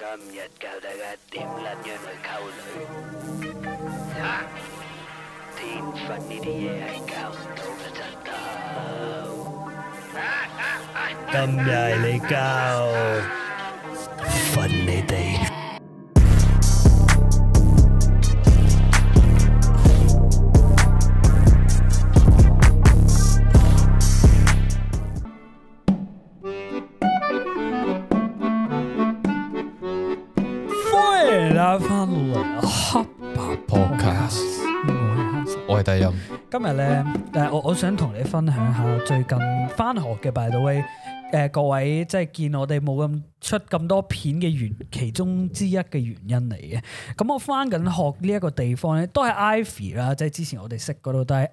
今日教大家點撚樣去溝女，嚇！天分呢啲嘢係教唔到嘅，真係。今日係你教訓你哋。今日咧，我我想同你分享下最近翻學嘅 by the way，誒、呃、各位即係見我哋冇咁出咁多片嘅原其中之一嘅原因嚟嘅。咁、嗯嗯、我翻緊學呢一個地方咧，都係 Ivy 啦，即係之前我哋識嗰度都係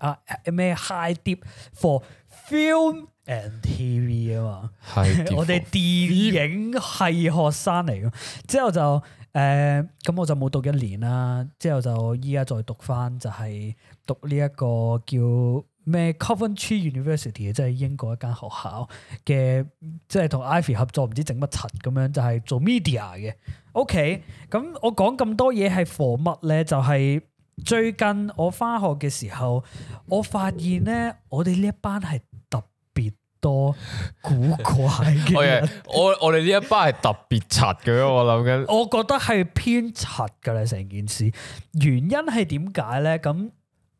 咩 High Deep for Film and TV 啊嘛，我哋電影系學生嚟嘅，之後就。誒咁、嗯、我就冇讀一年啦，之後就依家再讀翻就係讀呢一個叫咩 Coventry University，即係英國一間學校嘅，即、就、係、是、同 Ivy 合作，唔知整乜柒咁樣，就係、是、做 media 嘅。OK，咁我講咁多嘢係 for 乜咧？就係、是、最近我返學嘅時候，我發現咧，我哋呢一班係特。多古怪嘅、okay，我我哋呢一班係特別柒嘅，我諗緊。 我覺得係偏柒嘅啦，成件事原因係點解咧？咁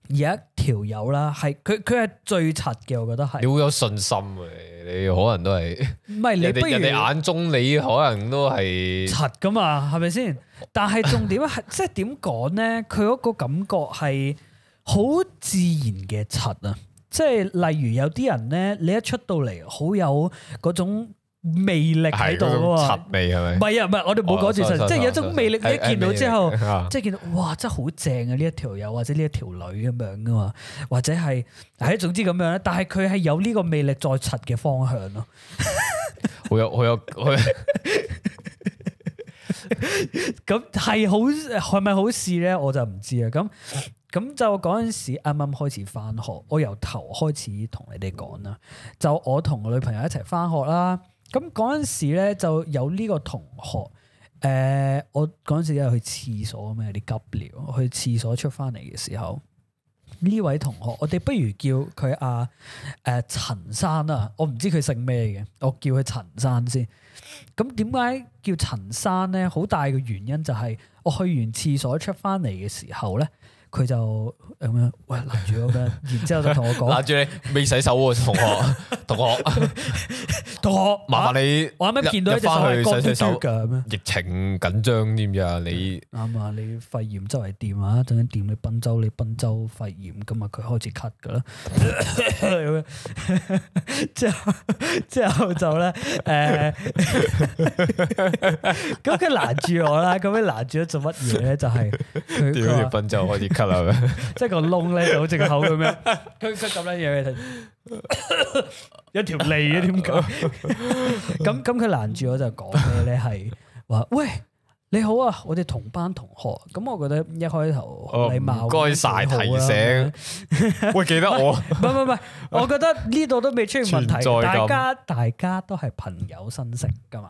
有一條友啦，係佢佢係最柒嘅，我覺得係。你好有信心嘅，你可能都係唔係？你俾人哋眼中你可能都係柒噶嘛，係咪先？是是 但係重點係即係點講咧？佢嗰個感覺係好自然嘅柒啊！即係例如有啲人咧，你一出到嚟好有嗰種魅力喺度噶喎，唔係啊，唔係我哋冇講住，oh, sorry, sorry, 即係有種魅力。Uh, 你一見到之後，uh, 即係見到哇，真係好正啊！呢一條友或者呢一條女咁樣噶嘛，或者係唉，總之咁樣咧。但係佢係有呢個魅力再柒嘅方向咯。好有好有，好有 好，咁係好係咪好事咧？我就唔知啊。咁。咁就嗰陣時啱啱開始返學，我由頭開始同你哋講啦。就我同我女朋友一齊返學啦。咁嗰陣時咧，就有呢個同學。誒、呃，我嗰陣時因為去廁所啊嘛，有啲急尿，去廁所出返嚟嘅時候，呢位同學，我哋不如叫佢阿誒陳生啊。呃、我唔知佢姓咩嘅，我叫佢陳生先。咁點解叫陳生咧？好大嘅原因就係我去完廁所出返嚟嘅時候咧。佢就咁樣，喂，攔住咁樣，然之後就同我講，攔住你未洗手喎、啊，同學，同學，同學麻、啊，麻煩你，我啱啱見到一隻手係洗洗手㗎，咩？疫情緊張啲唔知啊？你啱啊，你肺炎周圍掂啊，陣間掂你賓州，你賓州肺炎今日佢開始咳㗎啦，咁樣，之後之後就咧，誒，咁佢攔住我啦，咁樣攔住咗做乜嘢咧？就係屌你賓州開始咳。 即係個窿咧，就好直口咁樣。佢佢咁樣嘢，一條脷啊，點解？咁咁佢攔住我就講咩咧？係話喂，你好啊，我哋同班同學。咁我覺得一開頭禮貌，唔該晒提醒。喂，記得我？唔唔唔，我覺得呢度都未出現問題。存在大家大家都係朋友親戚噶嘛。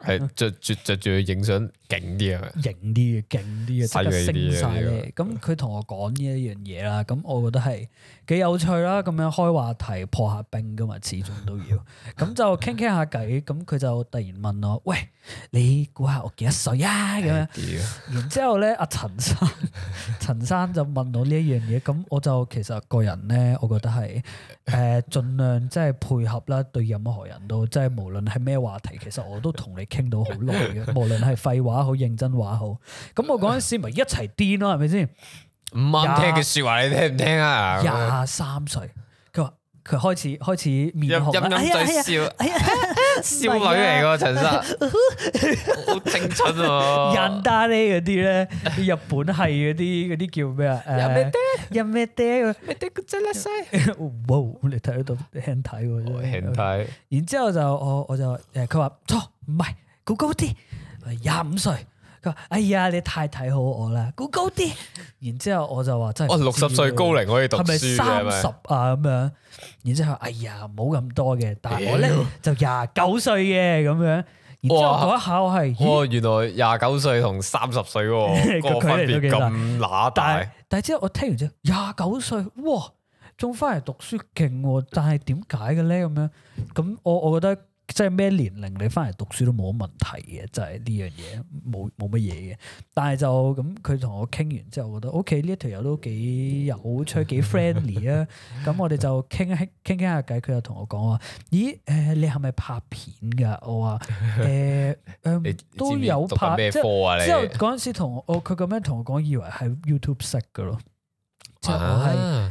係著住著住去影相勁啲啊，影啲啊，勁啲啊，睇得升晒嘅。咁佢同我講呢一樣嘢啦，咁 我覺得係幾有趣啦。咁樣開話題破下冰㗎嘛，始終都要。咁 就傾傾下偈，咁佢就突然問我： 喂，你估下我幾多歲啊？咁樣。 然之後咧，阿陳生，陳生就問我呢一樣嘢。咁我就其實個人咧，我覺得係誒盡量即係配合啦。對任何人都即係、就是、無論係咩話題，其實我都同你。傾到好耐嘅，無論係廢話好認真話好，咁我嗰陣時咪一齊癲咯，係咪先？唔啱聽嘅說話你聽唔聽啊？廿三歲，佢話佢開始開始面紅，飲飲醉笑，少女嚟噶陳生，好青春啊！Inda 咧嗰啲咧，日本係嗰啲嗰啲叫咩啊？咩爹？咩爹？咩爹個真叻西！哇！我哋睇到輕睇，輕睇。然之後就我我就誒，佢話錯。唔係高高啲，廿五歲。佢話：哎呀，你太睇好我啦！高高啲。然之後我就話：真係。我六十歲高齡可以讀書係咪三十啊？咁樣。然之後，哎呀，冇咁多嘅。但係我咧就廿九歲嘅咁樣。然之後我一考係。哦，原來廿九歲同三十歲個分別咁乸大。但係之後我聽完之後，廿九歲，哇，仲翻嚟讀書勁喎！但係點解嘅咧？咁樣咁，我我覺得。即係咩年齡你翻嚟讀書都冇乜問題嘅，就係呢樣嘢冇冇乜嘢嘅。但係就咁，佢同我傾完之後，我覺得 O K 呢條友都幾有趣，幾 friendly 啊。 咁我哋就傾傾傾下偈，佢又同我講話：咦，誒、呃，你係咪拍片噶？我話：誒、呃呃、知都有拍。讀咩科啊？即係之你是 後嗰陣時同我，佢咁樣同我講，以為係 YouTube 識嘅咯。之後係。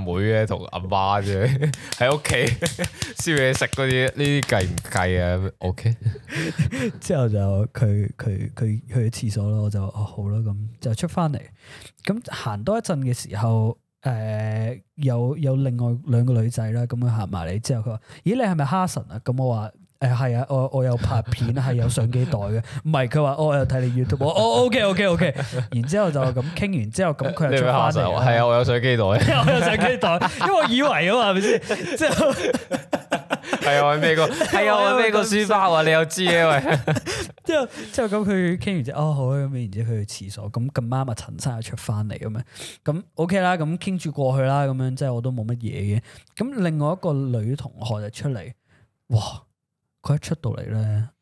妹咧同阿媽啫，喺屋企燒嘢食嗰啲，呢啲計唔計啊？OK。之後就佢佢佢去咗廁所咯，我就哦好啦咁，就出翻嚟。咁行多一陣嘅時候，誒、呃、有有、有另外兩個女仔啦，咁佢行埋嚟之後，佢話：咦你係咪哈神啊？咁我話。誒係啊，我我有拍片，係有相機袋嘅。唔係，佢話，我有睇你 YouTube，我 OK OK OK。然之後就咁傾完之後，咁佢又出嚟，係啊，我有相機袋，我有相機袋，因為我以為啊嘛，係咪先？即係係啊，我咩個？係啊、 哎，我咩個書包？ 你又知嘅喂？之後之後咁佢傾完之後，哦好咁，然之後，後去廁所。咁咁啱啊，陳生又出翻嚟咁樣，咁 OK 啦，咁傾住過去啦，咁樣即係我都冇乜嘢嘅。咁另外一個女同學就出嚟，哇！佢一出到嚟咧，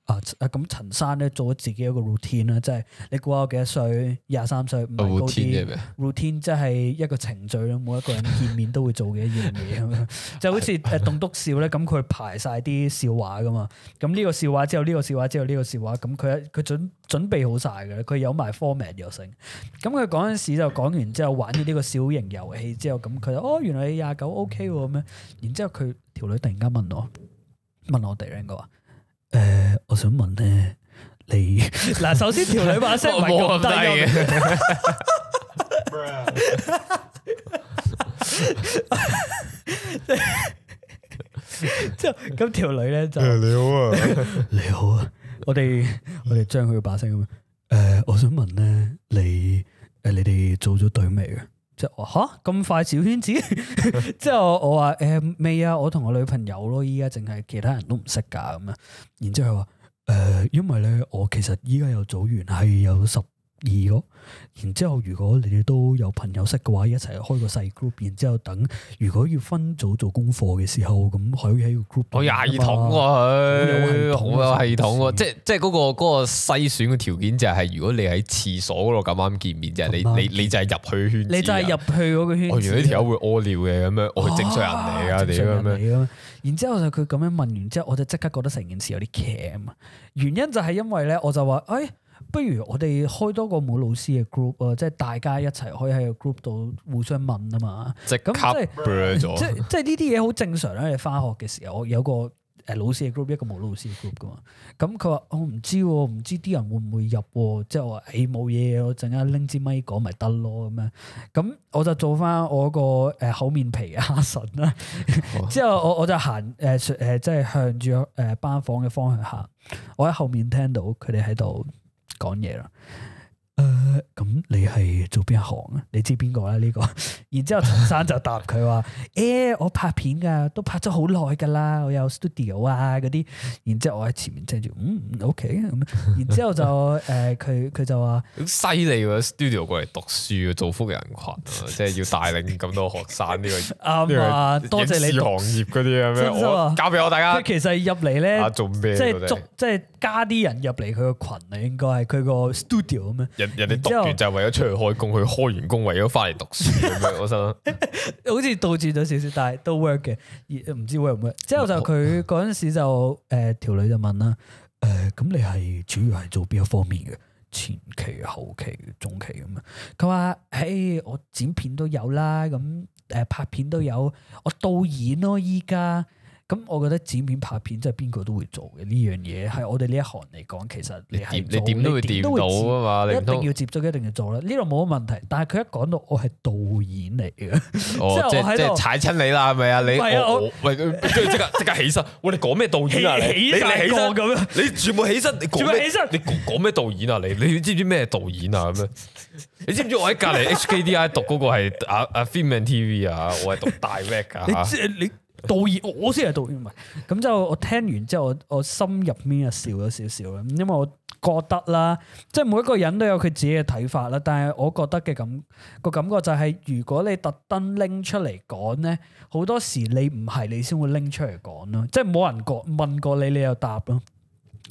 啊啊咁陳生咧做咗自己一個 routine 啦，即係你估下我幾多歲？廿三歲。唔係高啲。routine 係咩？routine 即係一個程序咯， 每一個人見面都會做嘅一樣嘢咁樣， 是是就好似誒棟篤笑咧，咁佢排晒啲笑話噶嘛，咁呢 個笑話之後呢、呢個笑話之後呢、呢個笑話，咁佢佢準準備好晒嘅咧，佢有埋 format 又成。咁佢嗰陣時就講完之後玩咗呢個小型遊戲之後，咁佢哦原來你廿九 OK 喎咁樣，然之後佢條女突然間問我。問我哋咧，我話誒，我想問咧，你嗱，首先條 女把聲我係覺得係嘅，即係咁條女咧就你好啊，你好啊，我哋我哋將佢個把聲咁誒，我想問咧，你誒，你哋做咗隊未啊？即係我吓，咁快小圈子， 即係我話誒、呃、未啊，我同我女朋友咯，依家淨係其他人都唔識㗎咁樣。然之後佢話誒，因為咧我其實依家有組員係有十二個，然之後如果你哋都有朋友識嘅話，一齊開個細 group，然之後等如果要分組做功課嘅時候，咁佢喺個 group。我系統喎佢，好有系統喎，即係即係嗰個嗰、那個篩選嘅條件就係、是、如果你喺廁所嗰度咁啱見面，就、嗯、你你你就係入去圈，你就係入去嗰個圈。原來呢條友會屙尿嘅，咁樣我正常人嚟噶、啊，正常人嚟然之後就佢咁樣問完之後，我就即刻覺得成件事有啲 c a 原因就係因為咧，我就話誒。哎不如我哋開多個冇老師嘅 group 啊，即係大家一齊可以喺個 group 度互相問啊嘛。即係即係了 即係呢啲嘢好正常啦。你返學嘅時候，我有個誒老師嘅 group，一個冇老師嘅 group 噶嘛。咁佢話我唔知喎，唔知啲人會唔會入喎。即係我話誒冇嘢，我陣間拎支咪講咪得咯咁樣。咁我就做返我個誒厚面皮嘅阿神啦。哦、 之後我我就行誒誒，即係向住誒班房嘅方向行。我喺後面聽到佢哋喺度。講嘢啦，誒，咁、呃、你係做邊一行啊？你知邊個咧呢個？然之後陳生就答佢話：誒、 欸，我拍片噶，都拍咗好耐噶啦，我有 studio 啊嗰啲。然之後我喺前面聽住，嗯，OK、嗯。咁，然之後就誒，佢、呃、佢就話：犀利喎，studio 過嚟讀書做啊，造福人群，即係要帶領咁多學生呢、 這個。啱啊、嗯，多謝你。行業嗰啲啊，咩我交俾我大家。其實入嚟咧，做咩，即係即係。 加啲人入嚟佢個群，啊，應該係佢個 studio 咁樣。人後人哋讀完就係為咗出去開工，去開完工為咗翻嚟讀書咁樣， 我心想諗 好似倒轉咗少少，但係都 work 嘅，唔知 work 唔 work。 之後就佢嗰陣時就誒、呃、條女就問啦，誒、呃、咁你係主要係做邊一方面嘅前期、後期、中期咁樣？佢話：嘿，我剪片都有啦，咁誒、呃、拍片都有，我導演咯依家。咁我覺得剪片拍片真係邊個都會做嘅呢樣嘢，係我哋呢一行嚟講，其實你點你點都會掂到啊嘛！你一定要接觸一定要做啦，呢度冇問題。但係佢一講到我係導演嚟嘅，即係即係踩親你啦，係咪啊？你我喂，即刻即刻起身！我你講咩導演啊？你你起身咁樣？你全部起身！你講咩起導演啊？你你知唔知咩導演啊？咁樣？你知唔知我喺隔離 HKDI 讀嗰個係啊啊 Film and TV 啊？我係讀 Direct 你。道歉，我我先係道歉。唔係，咁就我聽完之後，我我心入面又笑咗少少啦。因為我覺得啦，即係每一個人都有佢自己嘅睇法啦。但係我覺得嘅感個感覺就係，如果你特登拎出嚟講咧，好多時你唔係你先會拎出嚟講咯。即係冇人過問過你，你又答咯。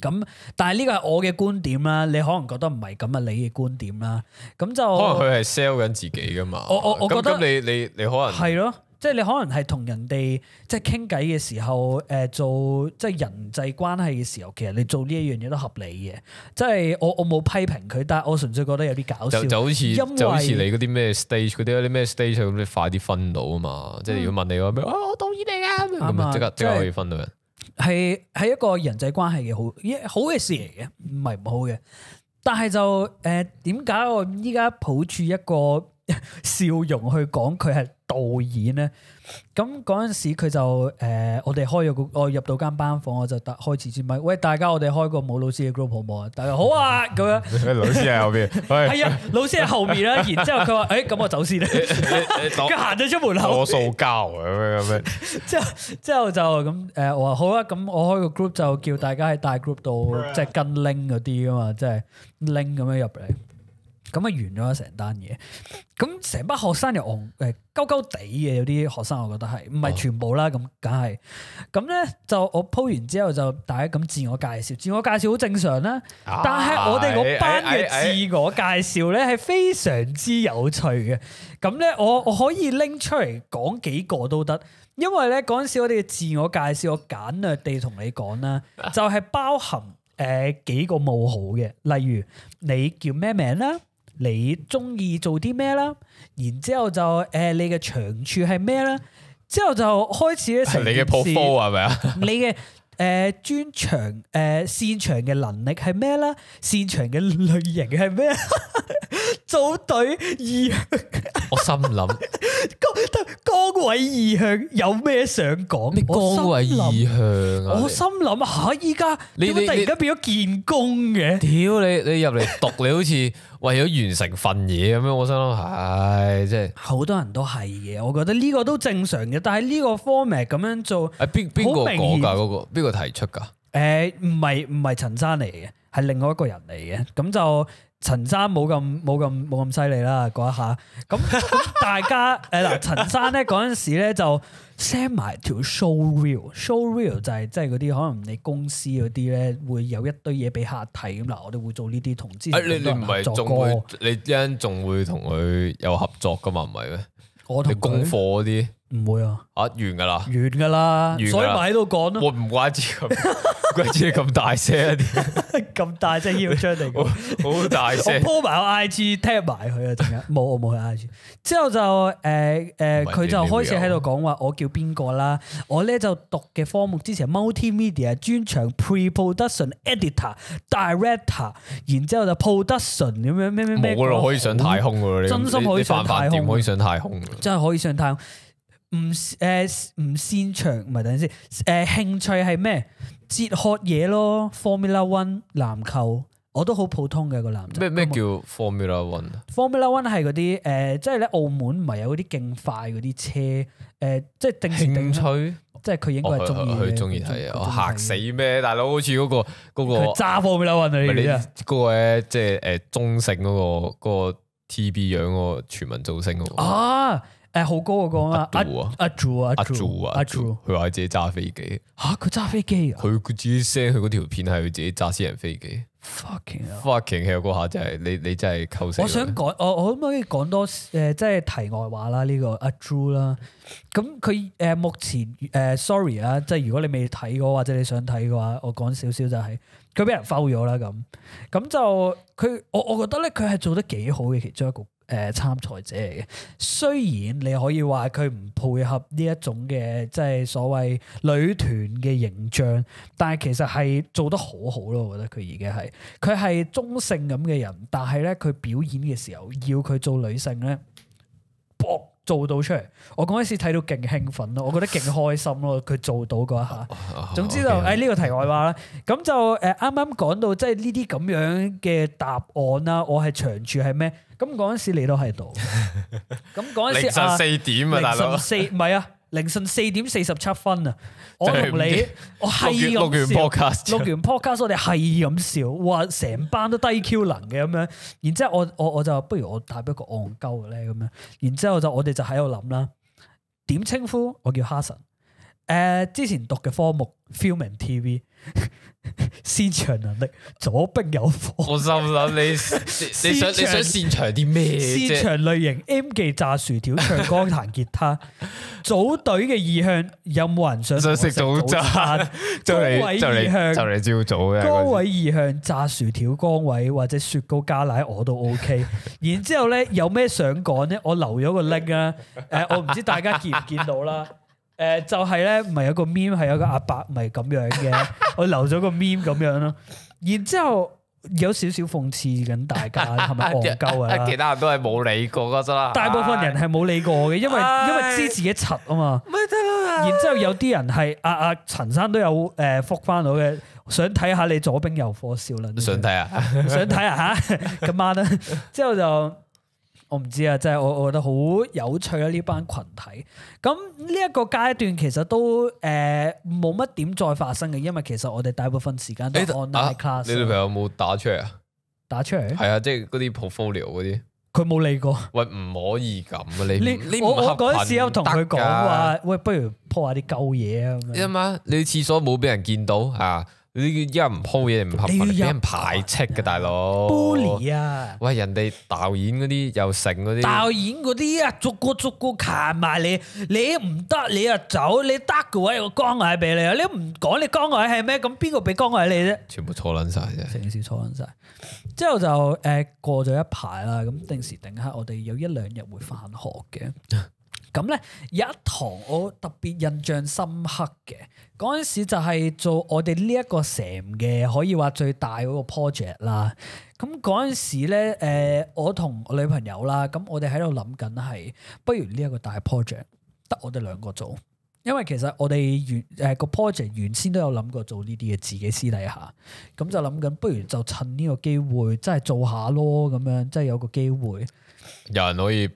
咁但係呢個係我嘅觀點啦，你可能覺得唔係咁啊，你嘅觀點啦。咁就可能佢係 sell 緊自己噶嘛。我我我覺得你你你可能係咯。即係你可能係同人哋即係傾偈嘅時候，誒、呃、做即係人際關係嘅時候，其實你做呢一樣嘢，都合理嘅。即係我我冇批評佢，但係我純粹覺得有啲搞笑。就，就好似為就好似你嗰啲咩 stage 嗰啲咩 stage 咁，你快啲分到啊嘛！嗯、即係如果問你話咩啊，我同意你啊，咁即刻即刻可以分到人，係係一個人際關係嘅好好嘅事嚟嘅，唔係唔好嘅。但係就誒點解我依家抱住一個？笑容去講佢係導演咧，咁嗰陣時佢就誒，我哋開咗個，我入到間班房，我就得開始支咪，喂，大家我哋開個冇老師嘅 group 好唔好啊？大家好啊咁樣，老師喺後邊，係啊，老師喺後面啦。然之後佢話誒，咁我走先，佢行咗出門口，我掃膠咁樣咁樣。之後之後就咁誒，我話好啊，咁我開個 group 就叫大家喺大 group 度，即係跟 link 嗰啲噶嘛，即係 link 咁樣入嚟。咁咪完咗成單嘢，咁成班學生又戇，誒鳩鳩地嘅，有啲學，學生我覺得係唔係全部啦，咁梗係咁咧，就我鋪完之後就大家咁自我介紹，自我介紹好正常啦，啊、但係我哋嗰班嘅自我介紹咧係非常之有趣嘅，咁咧我我可以拎出嚟講幾個都得，因為咧嗰陣時我哋嘅自我介紹我簡略地同你講啦，就係、是、包含誒幾個冒號嘅，例如你叫咩名啦？你中意做啲咩啦？然之後就誒、呃，你嘅長處係咩啦？之後就開始咧，你嘅 profile 係咪啊？你嘅的誒、 呃、專長誒擅、呃、長嘅能力係咩啦？擅長嘅類型係咩？ 組隊意向，我心諗，崗位意向有咩想講？崗位意向啊！我心諗吓，依家點解突然間變咗建功嘅？屌你！你入嚟讀，你好似為咗完成份嘢咁樣。我心諗唉，即係好多人都係嘅。我覺得呢個都正常嘅，但係呢個 format 咁樣做，邊邊個講噶？嗰個邊個提出噶？誒、呃，唔係唔係陳生嚟嘅，係另外一個人嚟嘅。咁就。陳生冇咁冇咁冇咁犀利啦，嗰一下咁大家誒嗱，陳、 呃、生咧嗰陣時咧就 send 埋條 show reel，show reel 就係即係嗰啲可能你公司嗰啲咧會有一堆嘢俾客睇咁嗱，我哋會做呢啲同之前都合作過，啊、你一陣仲會同佢有合作噶嘛，唔係咩？我你功課嗰啲。唔會啊！啊完噶啦，完噶啦，所以咪喺度講咯。我唔怪知咁，怪知你咁大聲一啲，咁大聲要出嚟，好大聲！我 po 埋我 IG，tap 埋佢啊，陣間？冇，我冇去 I G。之後就誒誒，佢就開始喺度講話，我叫邊個啦？我咧就讀嘅科目之前係 multimedia，專長 pre production editor director，然之後就 production 咁樣咩咩咩。冇咯可以上太空噶咯，你真心可以上太空，唔可以上太空，真係可以上太空。唔誒唔擅長，唔係、呃、等陣先。誒、呃、興趣係咩？哲學嘢咯，Formula One 籃球，我都好普通嘅、嗰個男仔。咩咩麼天叫 Formula One？Formula One 係嗰啲誒，即係咧澳門唔係有啲勁快嗰啲車誒、呃，即係定，定趣，即係佢應該係中意。佢中意睇啊！嚇死咩大佬？好似嗰個嗰個揸 Formula One 嚟嘅，嗰、嗰個咧即係誒中性嗰個嗰個 TB 樣嗰個全民造星、嗰個、啊！誒、啊，好高個啊！講啊，阿阿朱啊，阿朱啊，阿朱，佢話自己揸飛機。吓，佢揸飛機啊？佢佢自己 send，佢嗰條片係佢自己揸私人飛機。Fucking，fucking，佢嗰下就係，你你真係扣死我想。我想講，我我可唔可以講多誒、呃，即係題外話啦。呢、這個阿朱啦，咁佢誒目前誒，sorry 啊，即、呃、係如果你未睇過或者你想睇嘅話，我講少少就係佢俾人 throw 咗啦。咁咁就佢，我我覺得咧，佢係做得幾好嘅其中一個。誒參賽者嚟嘅，雖然你可以話佢唔配合呢一種嘅即係所謂女團嘅形象，但係其實係做得好好咯。我覺得佢已經係佢係中性咁嘅人，但係咧佢表演嘅時候，要佢做女性咧，搏做到出嚟。我嗰陣時睇到勁興奮咯，我覺得勁開心咯。佢做到嗰一下， 總之就喺呢 Okay.、哎呢個題外話啦。咁就誒啱啱講到即係呢啲咁樣嘅答案啦。我係長處係咩？咁嗰陣時你都喺度，咁嗰陣時 凌晨四點啊，大佬。四唔係啊，凌晨四點四十七分啊， 我同你我係咁笑，錄完 podcast，錄完 podcast 我哋係咁笑，哇，成班都低 Q 能嘅咁樣，然之後我我我就不如我打俾個 on 鳩咧咁樣，然之後我就我哋就喺度諗啦，點稱呼我叫哈神。誒，之前讀嘅科目 Film and TV，擅長能力左兵右火。我心諗你你想你想擅長啲咩？擅長類型 M 記炸薯條，唱歌、彈吉他。組隊嘅意向有冇人想？想食早餐？崗位意向就嚟朝早嘅。崗位意向炸薯條，崗位或者雪糕加奶我都 OK。然之後咧有咩想講咧？我留咗個 link 啊。誒，我唔知大家見唔見到啦。誒、呃、就係、是、咧，唔係有個 meme，係有個阿伯，唔係咁樣嘅，我留咗個 meme 咁樣咯。然之後有少少諷刺緊大家，咁咪戇鳩啊！ 其他人都係冇理過嗰陣 大部分人係冇理過嘅，因為 因為知自己柒啊嘛。 然之後有啲人係阿阿陳生都有誒覆返我嘅，想睇下你左兵右火少啦。想睇啊！想睇下。嚇，今晚之後就。我唔知啊，即係我我覺得好有趣啊。呢班群體。咁呢一個階段其實都誒冇乜點再發生嘅，因為其實我哋大部分時間都 online class。啊，你女朋友有冇打出嚟啊？打出嚟係啊，即係嗰啲 portfolio 嗰啲，佢冇理過。喂，唔可以咁啊！你你，你我嗰陣時有同佢講話，喂，不如鋪下啲舊嘢啊！點啊？你廁所冇俾人見到啊？你一唔鋪嘢唔合埋，俾人排斥嘅大佬。玻璃啊！啊喂，人哋導演嗰啲又成嗰啲。導演嗰啲啊，逐個逐個行埋你，你唔得你啊走，你得嘅話有個崗位俾你，你唔講你崗位係咩？咁邊個俾崗位你啫？全部坐撚晒，啫。成件事錯撚晒。之後就誒、呃、過咗一排啦，咁定時定刻我哋有一兩日會返學嘅。 咁咧有一堂我特別印象深刻嘅嗰陣時就係做我哋呢一個成嘅可以話最大嗰個 project 啦。咁嗰陣時咧誒、呃，我同我女朋友啦，咁我哋喺度諗緊係，不如呢一個大 project 得我哋兩個做，因為其實我哋原誒個 project 原先都有諗過做呢啲嘅自己私底下，咁就諗緊不如就趁呢個機會即係做下咯，咁樣即係有個機會，有人可以。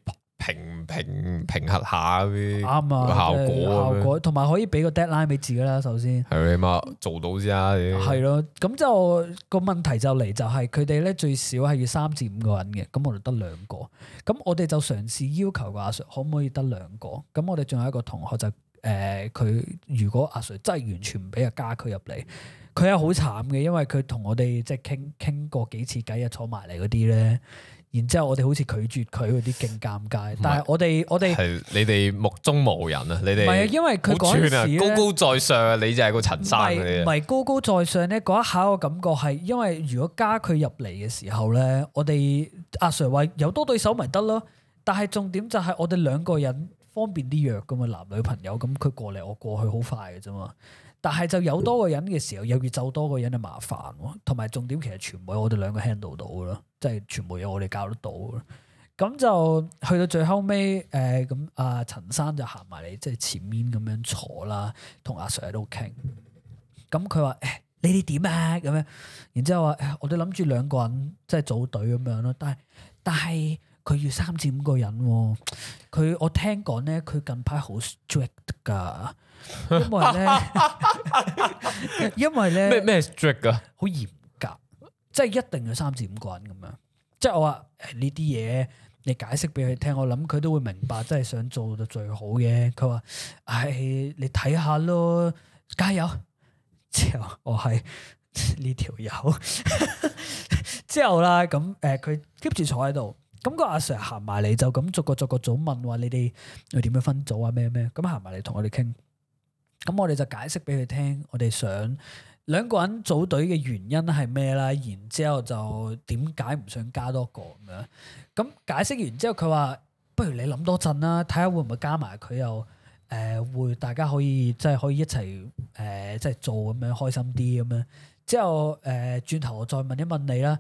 平平平衡下啲，啱啊，效果效果，同埋可以俾個 deadline 俾自己啦。首先係起碼做到先啊。係咯，咁就個問題就嚟就係佢哋咧最少係要三至五個人嘅，咁我哋得兩個，咁我哋就嘗試要求個阿 Sir 可唔可以得兩個？咁我哋仲有一個同學就誒、是，佢、呃、如果阿 Sir 真係完全唔俾阿加佢入嚟，佢係好慘嘅，因為佢同我哋即係傾傾過幾次偈啊，坐埋嚟嗰啲咧。然之後我哋好似拒絕佢嗰啲勁尷尬，是但係我哋我哋係你哋目中無人啊！你哋唔係啊，因為佢嗰時高高在上、啊，你就係個陳生唔係高高在上咧，嗰一下我感覺係因為如果加佢入嚟嘅時候咧，我哋阿、啊、Sir 話有多對手咪得咯，但係重點就係我哋兩個人方便啲約噶嘛，男女朋友咁佢過嚟我過去好快嘅啫嘛。但係就有多個人嘅時候，又要走多個人就麻煩喎。同埋重點，其實全部有我哋兩個 handle 到嘅咯，即係全部有我哋教得到嘅。咁就去到最後尾，誒、呃，咁阿陳生就行埋嚟，即係前面咁樣坐啦，同阿 Sir 喺度傾。咁佢話：誒、哎，你哋點啊？咁樣。然之後話：誒、哎，我哋諗住兩個人即係組隊咁樣咯。但係但係佢要三至五個人喎，啊。佢我聽講咧，佢近排好 strict 噶。因為咧， 因為咧呢，咩咩 strict 啊，好嚴格， 即係一定要三至五個人咁樣。即係我話呢啲嘢，你解釋俾佢聽，我諗佢都會明白，真係想做到最好嘅。佢話：唉，哎，你睇下咯，加油！之後我係呢條友， 之後啦，咁誒，佢 keep 住坐喺度，咁個阿 sir 行埋嚟，就咁逐個逐個組問話，你哋要點樣分組啊？咩咩咁行埋嚟同我哋傾。咁我哋就解釋俾佢聽，我哋想兩個人組隊嘅原因係咩啦？然之後就點解唔想加多個咁樣？咁解釋完之後，佢話：不如你諗多陣啦，睇下會唔會加埋佢又誒、呃，會大家可以即係可以一齊誒，即、呃、係做咁樣開心啲咁樣。之後誒、呃，轉頭我再問一問你啦。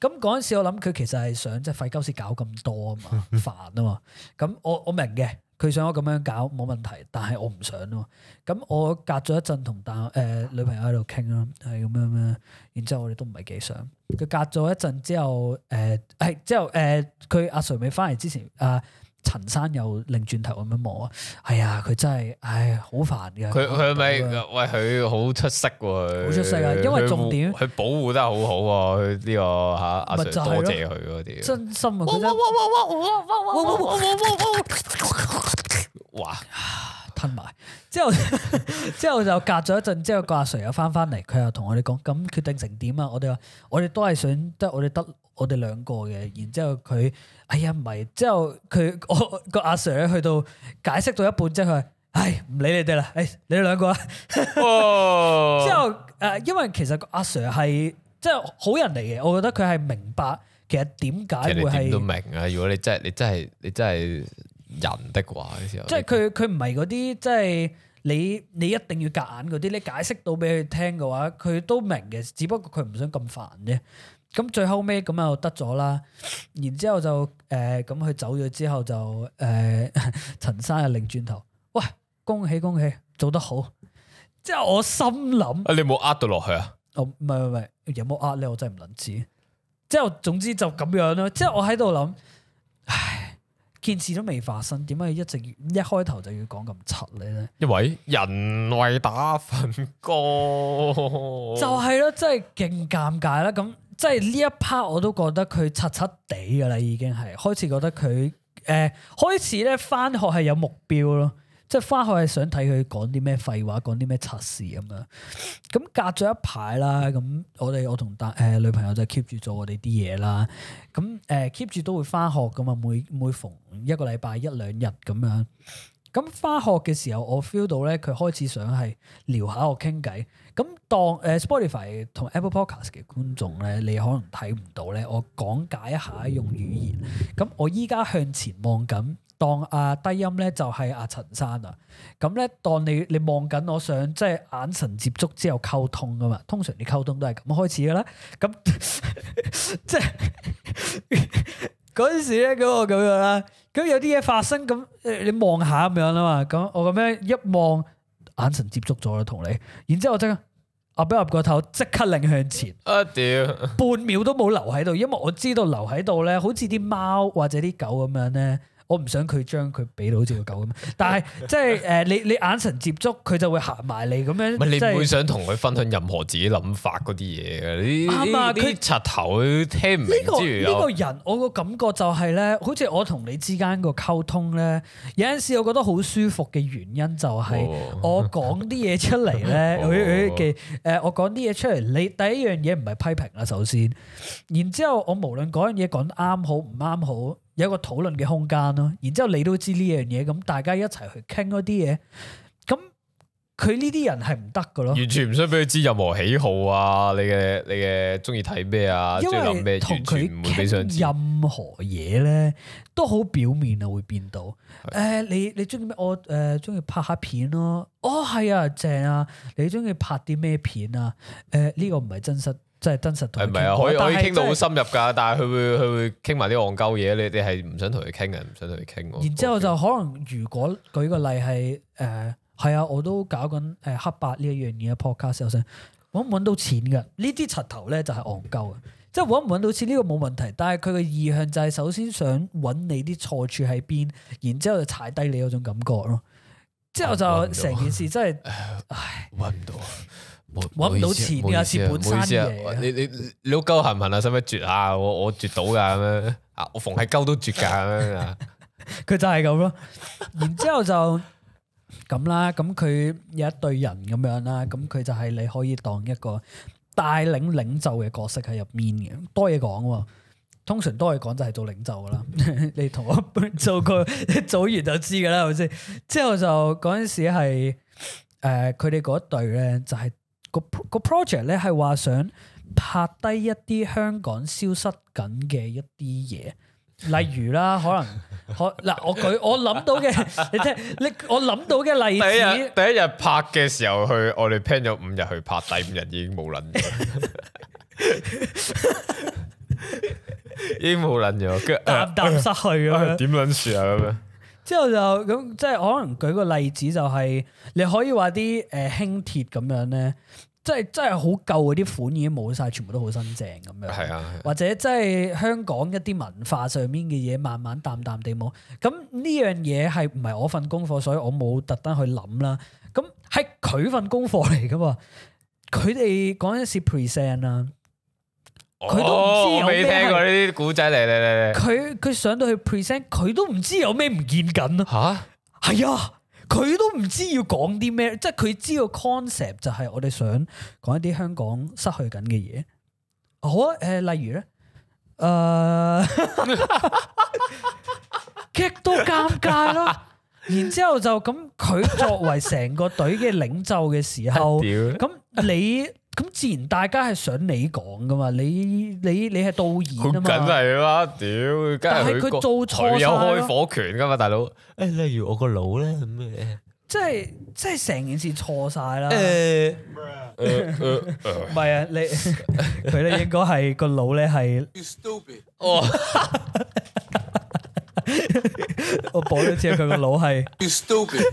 咁嗰陣時我我，我諗佢其實係想即係費鳩事搞咁多啊嘛，煩啊嘛。咁我我明嘅。佢想我咁樣搞冇問題，但係我唔想咯、啊。咁我隔咗一陣同大誒女朋友喺度傾啦，係、就、咁、是、樣啦。然之後我哋都唔係幾想。佢隔咗一陣之、呃、後，誒係之後誒，佢阿 sir 未翻嚟之前，阿、呃、陳生又擰轉頭咁樣望啊。係啊、呃，佢真係唉，好煩嘅。佢佢係咪喂，佢好出色喎，好出色啊！因為重點佢保，保護得好好喎，佢呢個嚇阿 sir 多謝佢嗰啲真心啊！這個啊。哇！吞埋，之後之後就隔咗一陣，之後個阿 Sir 又翻翻嚟，佢又同我哋講：咁決定成點啊？我哋話：我哋都係想，即係我哋得我哋兩個嘅。然之後佢：哎呀，唔係。之後佢我個阿 Sir 去到解釋到一半，即係佢：唉，唔理你哋啦，誒，你哋兩個啦。哇之後誒，因為其實個阿 Sir 係即係好人嚟嘅，我覺得佢係明白其實點解會係。你都明啊！如果你真係，你真係，你真係。人的話，即係佢佢唔係嗰啲，即係、就是、你你一定要夾硬嗰啲，你解釋到俾佢聽嘅話，佢都明嘅，只不過佢唔想咁煩啫。咁最後尾咁又得咗啦。然後、呃、之後就誒，咁佢走咗之後就誒，陳生又擰轉頭，喂，恭喜恭喜，做得好。之後我心諗，你冇呃到落去啊？哦，唔係唔係，有冇呃你？我真係唔撚知。之後總之就咁樣啦。之後我喺度諗，唉。件事都未發生，點解一直一開頭就要講咁柒咧？因為人為打份工，就係咯，真係勁尷尬啦！咁即係呢一 part 我都覺得佢柒柒地噶啦，已經係開始覺得佢誒、呃、開始咧返學係有目標咯。即係返學係想睇佢講啲咩廢話，講啲咩測試咁樣。咁隔咗一排啦，咁我哋我同大、呃、女朋友就 keep 住做我哋啲嘢啦。咁誒 keep 住都會返學噶嘛，每每逢一個禮拜一兩日咁樣。咁返學嘅時候，我 feel 到咧佢開始想係聊下我傾偈。咁當誒、呃、Spotify 同 Apple Podcast 嘅觀眾咧，你可能睇唔到咧。我講解一下用語言。咁我依家向前望緊。當阿低音咧就係阿陳生啊，咁咧當你你望緊，我想即係眼神接觸之後溝通噶嘛，通常你溝通都係咁開始噶啦，咁即係嗰陣時咧嗰個咁樣啦，咁有啲嘢發生，咁你望下咁樣啊嘛，咁我咁樣一望眼神接觸咗啦，同你，然之後我即刻，我俾入個頭，即刻擰向前，啊屌，半秒都冇留喺度，因為我知道留喺度咧，好似啲貓或者啲狗咁樣咧。我唔想佢將佢俾到好似個狗咁，但係即係誒，你你眼神接觸佢就會行埋嚟咁樣。你唔會想同佢分享任何自己諗法嗰啲嘢嘅。啱啊，佢柒頭，佢聽唔明。呢、這個呢個人，我個感覺就係、是、咧，好似我同你之間個溝通咧，有陣時我覺得好舒服嘅原因就係、是哦、我講啲嘢出嚟咧，嘅誒，我講啲嘢出嚟，你第一樣嘢唔係批評啦，首先，然之後我無論嗰樣嘢講啱好唔啱好。 有一個討論嘅空間咯，然之後你都知呢樣嘢，咁大家一齊去傾嗰啲嘢，咁佢呢啲人係唔得噶咯。完全唔想俾佢知任何喜好啊，你嘅你嘅中意睇咩啊，中意諗咩，完全唔會俾上任何嘢咧，都好表面啊，會變到。誒的、呃，你你中意咩？我誒中意拍下片咯、啊。哦，係啊，正啊。你中意拍啲咩片啊？誒、呃，呢、這個唔係真實。真係真實，係咪啊？是可以可以傾到好深入噶，但係是佢會佢會傾埋啲戇鳩嘢，你哋係唔想同佢傾嘅，唔想同佢傾。然之後就可能，如果舉個例係誒，係、呃、啊，我都搞緊誒黑白呢一樣嘢 podcast，我揾唔揾到錢嘅呢啲柒頭咧就係戇鳩，即係揾唔揾到錢呢、這個冇問題，但係佢嘅意向就係首先想揾你啲錯處喺邊，然之後就踩低你嗰種感覺咯。之後就成件事真係揾唔到。唉搵唔到錢，你又是蝕本嘢、啊。你你你鳩痕唔痕啊？使唔使絕下？我我絕到噶咁樣啊！ 我逢係鳩都絕噶咁 樣啊！佢就係咁咯。然之後就咁啦。咁佢有一隊人咁樣啦。咁佢就係你可以當一個帶領領袖嘅角色喺入面嘅，多嘢講。通常多嘢講就係做領袖噶啦。 你同我做過，做完就知噶啦，係咪先？之後就嗰陣時係誒，佢哋嗰隊咧就係、是。個個 project 咧係話想拍低一啲香港消失緊嘅一啲嘢，例如啦，可能嗱，我舉我諗到嘅，你聽你我諗到嘅例子第，第一日拍嘅時候去，我哋 plan 咗五日去拍，第五日已經冇撚， 已經冇撚咗，啊、淡淡失去咗，啊哎、樣，點撚樹啊咁樣。之後就咁，即係可能舉個例子，就係你可以話啲誒輕鐵咁樣咧，即係真係好舊嗰啲款已經冇晒，全部都好新淨咁樣。係是啊，或者即係香港一啲文化上面嘅嘢，慢慢淡淡地冇。咁呢樣嘢係唔係我份功課，所以我冇特登去諗啦。咁係佢份功課嚟㗎嘛？佢哋嗰陣時 present 啦。佢都唔知有咩，未聽過呢啲古仔，嚟嚟嚟嚟，佢佢上到去 present，佢都唔知有咩唔見緊咯。吓蛤，係啊，佢都唔知要講啲咩，即係佢知道 concept 就係我哋想講一啲香港失去緊嘅嘢。好啊，誒、呃，例如咧，誒、呃，劇 都尷尬咯。然之後就咁，佢作為成個隊嘅領袖嘅時候，咁你。咁自然大家係想你講噶嘛？你你你係導演㗎嘛？梗係啦，屌！但係佢做錯晒咯。佢有開火權噶嘛，大佬？誒，例如我個腦咧咁嘅。即係即係成件事錯晒啦。誒，唔係啊，你佢咧應該係個腦咧係。You stupid！我補咗知佢個腦係。You stupid！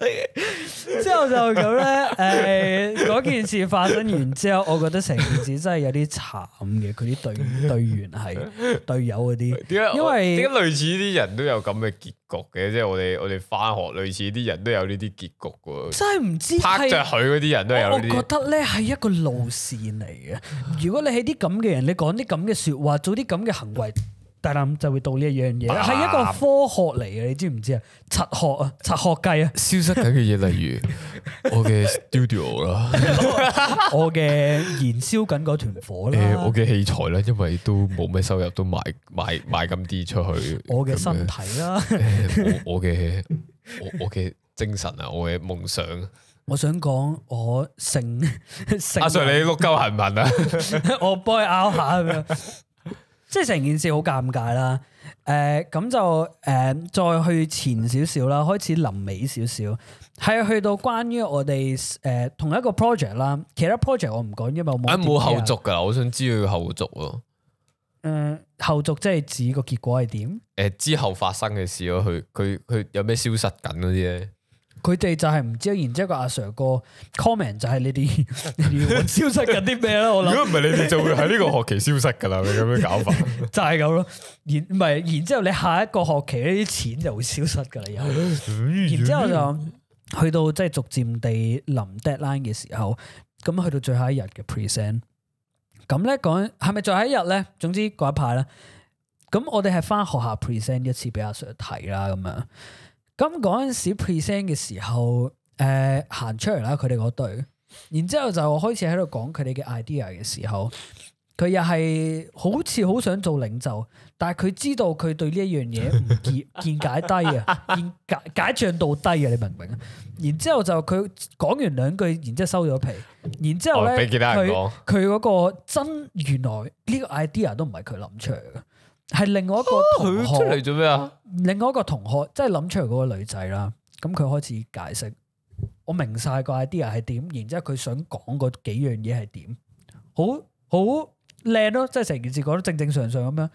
之後就咁咧，誒、 欸，嗰件事發生完之後，我覺得成件事真係有啲慘嘅，佢啲隊隊員係隊 友嗰啲，點解？因為點解類似啲人都有咁嘅結局嘅？即係我哋我哋返學類似啲人都有呢啲結局噶，真係唔知。拍着佢嗰啲人都有呢啲。我，我覺得咧係一個路線嚟嘅。 如果你係啲咁嘅人，你講啲咁嘅說話，做啲咁嘅行為。大膽就會到呢一樣嘢，係噗 一個科學嚟嘅，你知唔知啊？拆學啊，拆學計啊！消失緊嘅嘢，例如我嘅 Studio 啦，我嘅燃燒緊嗰團火啦，我嘅器材啦，因為都冇咩收入，都賣賣賣咁啲出去。我嘅身體啦樣，我嘅 我嘅精神啊，我嘅夢想。我想講我性 人阿 Sir，你碌鳩痕唔痕啊？ 我幫你拗下咁樣。 即係成件事好尷尬啦，誒、呃，咁就誒、呃、再去前少少啦，開始臨尾少少，係去到關於我哋誒、呃、同一個 project 啦，其他 project 我唔講，因為我冇冇、呃、後續噶我想知佢後續咯，誒、呃，後續即係指個結果係點？誒、呃，之後發生嘅事咯，佢佢佢有咩消失緊嗰啲咧？佢哋就係唔知，然之後個阿 Sir 個 comment 就係呢啲消失緊啲咩啦。 我諗如果唔係你哋就會喺呢個學期消失噶啦，你咁 樣搞法 就係咁咯。然唔係，然之後你下一個學期呢啲錢就會消失噶啦。又然之後， 後就去到即係逐漸地臨 deadline 嘅時候，咁去到最後一日嘅 present。咁咧講係咪最後一日咧？總之嗰一排啦。咁我哋係翻學校 present 一次俾阿 Sir 睇啦，咁樣。咁嗰陣時 present 嘅時候，誒、呃、行出嚟啦，佢哋嗰隊，然之後就開始喺度講佢哋嘅 idea 嘅時候，佢又係好似好想做領袖，但係佢知道佢對呢一樣嘢唔見見解低啊， 見解解像度低啊，你明唔明？然之後就佢講完兩句，然之後收咗皮，然之後咧俾其他人講，佢佢嗰個真原來呢個 idea 都唔係佢諗出嚟嘅。係另外一個同學出嚟做咩啊？另外一個同學即係諗出嚟嗰個女仔啦，咁佢開始解釋，我明晒個 idea 係點，然之後佢想講嗰幾樣嘢係點，好好靚咯，即係成件事講得正正常常咁樣，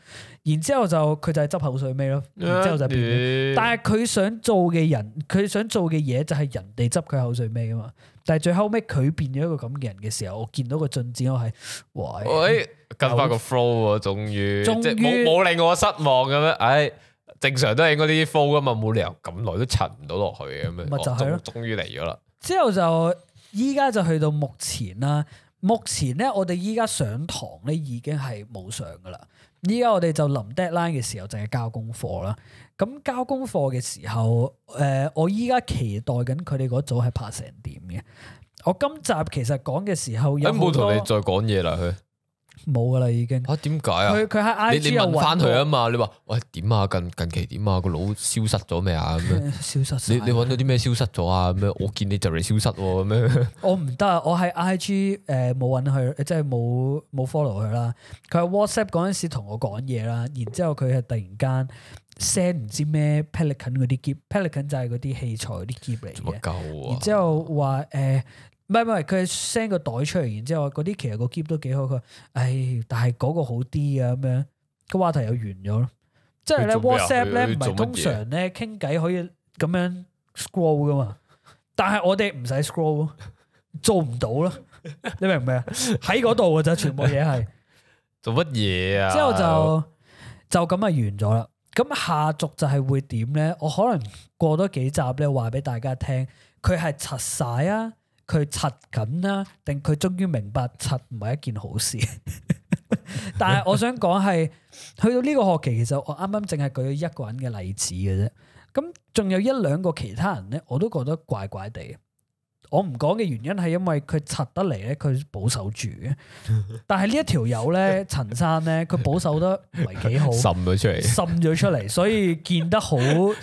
然之後就佢就係執口水尾咯，然之後就變，但係佢想做嘅人，佢想做嘅嘢就係人哋執佢口水尾啊嘛。但係最後尾佢變咗一個咁嘅人嘅時候，我見到個進展我係，喂，唉唉跟翻個 flow 喎於，終於，即冇冇令我失望嘅咩？唉，正常都係應該啲 flow 噶嘛，冇理由咁耐都沉唔到落去嘅咁樣，咪就係咯，終於嚟咗啦。之後就依家就去到目前啦。目前咧，我哋依家上堂咧已經係冇上㗎喇。依家我哋就臨 deadline 嘅時，時候，就係交功課啦。咁交功課嘅時候，誒，我依家期待緊佢哋嗰組係拍成點嘅。我今集其實講嘅時候有有，有冇同你再講嘢啦？佢？冇噶啦，已經。嚇，點解啊？佢佢喺 IG 你你問翻佢啊嘛？我你話喂，點啊？近近，近期點啊？個佬消失咗咩啊？咁樣消失你。你你揾到啲咩消失咗啊？咁樣我見你就嚟消失喎，咁樣 。我唔得啊！我喺 IG 誒冇揾佢，即係冇冇 follow 佢啦。佢喺 WhatsApp 嗰陣時同我講嘢啦，然之後佢係突然間 send 唔知咩 pelican 嗰啲 key，pelican 就係嗰啲器材啲 key 嚟嘅。做乜鳩啊？然之後話誒。呃唔係唔係，佢 send 個袋出嚟，然之後嗰啲其實個喼都幾好。佢，唉，但係嗰個好啲啊咁樣。個話題又完咗咯，即係 WhatsApp 咧唔係通常咧傾偈可以咁樣 scroll 噶嘛？但係我哋唔使 scroll 咯， 做唔到咯。你明唔明啊？喺嗰度噶啫，全部嘢係做乜嘢啊？之後就就咁啊，完咗啦。咁下集就係會點咧？我可能過多幾集咧，話俾大家聽，佢係拆晒啊。佢擦緊啦，定佢終於明白擦唔係一件好事。 但係我想講係去到呢個學期，其實我啱啱淨係舉咗一個人嘅例子嘅啫。咁仲有一兩個其他人咧，我都覺得怪怪地。我唔講嘅原因係因為佢柒得嚟咧，佢保守住嘅。但係呢一條友咧，陳生咧，佢保守得唔係幾好，滲咗出嚟，滲咗出嚟，所以見得好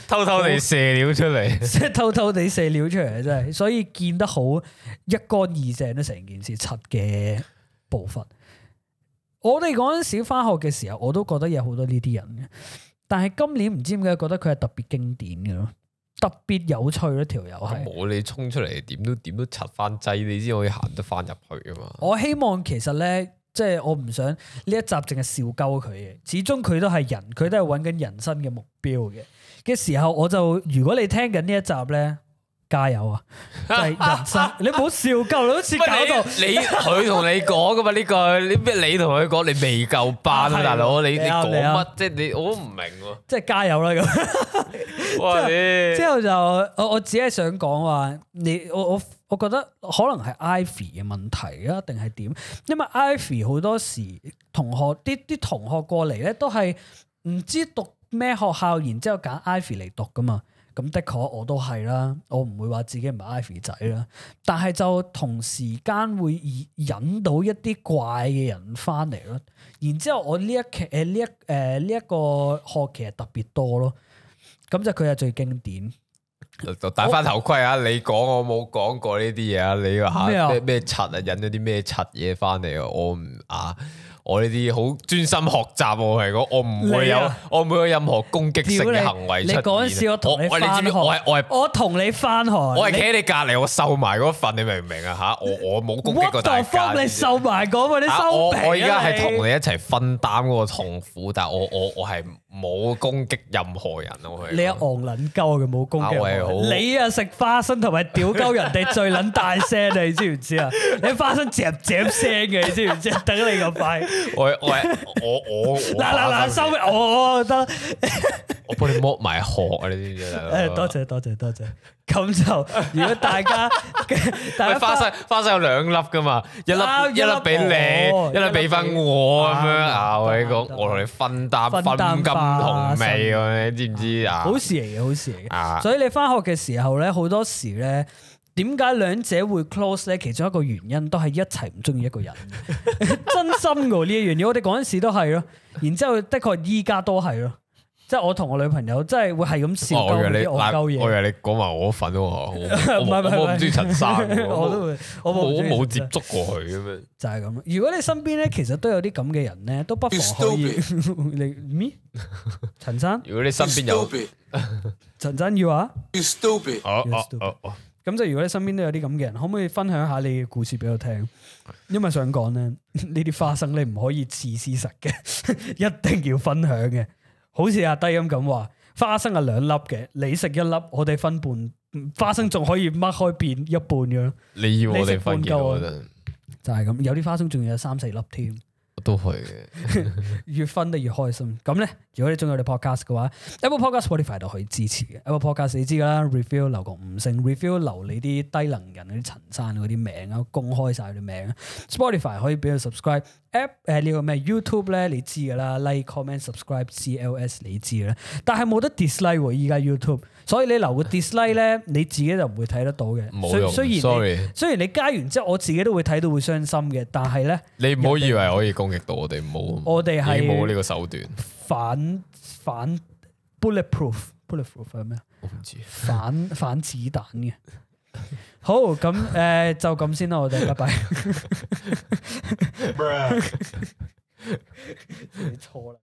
偷偷地射料出嚟，即係 偷偷地射料出嚟，真係，所以見得好一乾二淨啦，成件事柒嘅部分，我哋嗰陣時翻學嘅時候，我都覺得有好多呢啲人嘅，但係今年唔知點解覺得佢係特別經典嘅咯。特別有趣咯、啊，條友係。冇你衝出嚟點 都點都拆翻掣，你先可以行得翻入去㗎嘛！我希望其實咧，即、就、係、是、我唔想呢一集淨係笑鳩佢嘅，始終佢都係人，佢都係揾緊人生嘅目標嘅嘅 時候，我就如果你聽緊呢一集咧。加油啊！係、人生，啊、你唔、啊、好笑夠，你好似搞到你佢同你講噶嘛呢句，你咩？你同佢講你未夠班啊大佬，你你講乜？即係你我都唔明喎。即係加油啦咁。之後，之後就我我只係想講話，你我我我覺得可能係 Ivy 嘅問題啊，定係點？因為 Ivy 好多時同學啲啲同學過嚟咧，都係唔知讀咩學校，然之後揀 Ivy 嚟讀噶嘛。咁的確我都係啦，我唔會話自己唔係 ivy 仔啦，但係就同時間會引到一啲怪嘅人翻嚟咯。然之後我呢一期誒呢、呃、一誒呢、呃、一個學期係特別多咯。咁就佢係最經典。戴翻頭盔啊！你講我冇講過呢啲嘢啊！你話咩咩柒啊，引咗啲咩柒嘢翻嚟啊！我唔啊～我呢啲好專心學習，我係講我唔會有，我唔會有任何攻擊性嘅行為出現。我我你知唔知？我係我係我同你翻學。我係企喺你隔籬，我受埋嗰份，你明唔明啊？吓，我我冇攻擊過大家。what the fuck！你受埋嗰，我啲收皮啊！你我我依家係同你一齊分擔嗰個痛苦，但係我我我係冇攻擊任何人啊！我你一戇捻鳩，我冇攻擊。阿偉，你啊食花生同埋屌鳩人哋最捻大聲，你知唔知啊？你花生 zap zap 聲嘅，你知唔知？頂你個肺。我我我我，嗱嗱嗱，收咪，我得，我幫你摸埋殼啊！你啲嘢，誒，多謝多謝多謝，咁就如果大家，大家花生花生有兩粒㗎嘛，一粒一粒俾你，一粒俾翻我咁樣啊！我講，我同你分擔分甘同味，你知唔知啊？好事嚟嘅，好事嚟嘅。所以你返學嘅時候咧，好多時咧。點解兩者會 close 咧？其中一個原因都係一齊唔中意一個人，真心噶呢個原因。我哋嗰陣時都係咯，然之後的確依家都係咯，即係我同我女朋友，即係會係咁笑鳩啲嘢。我話你講埋我份咯，我我唔中意陳生，我都會，我冇接觸過佢咁樣。就係咁。如果你身邊咧，其實都有啲咁嘅人咧，都不妨可以你嗯陳生。如果你身邊有陳生，you are you stupid。咁就如果你身邊都有啲咁嘅人，可唔可以分享下你嘅故事俾我聽？因為想講咧，呢啲花生你唔可以自私食嘅，一定要分享嘅。好似阿低音咁話，花生係兩粒嘅，你食一粒，我哋分半花生，仲可以擘開變一半嘅咯。你要我哋分嘅，就係咁。有啲花生仲要有三四粒添，我都係嘅。越分得越開心。咁咧。如果你中意我哋 Pod podcast 嘅話，Apple podcast Spotify 都可以支持嘅。Apple podcast 你知噶啦，review 留個五星，review 留你啲低能人嗰啲陳生嗰啲名啊，公開晒佢啲名，Spotify 可以俾佢 subscribe，app 誒，呢個咩 YouTube 咧？你知噶啦，like comment subscribe CLS 你知噶啦，但係冇得 dislike 依家 YouTube，所以你留個 dislike 咧，你自己就唔會睇得到嘅。冇用雖然，sorry。雖然你加完之後，我自己都會睇到會傷心嘅，但係咧，你唔好以為可以攻擊到我哋，冇，我哋係冇呢個手段。反反 bulletproof，bulletproof 係咩啊？我唔知。反反子彈嘅，好，咁誒，就咁先啦，我哋拜拜。你錯啦。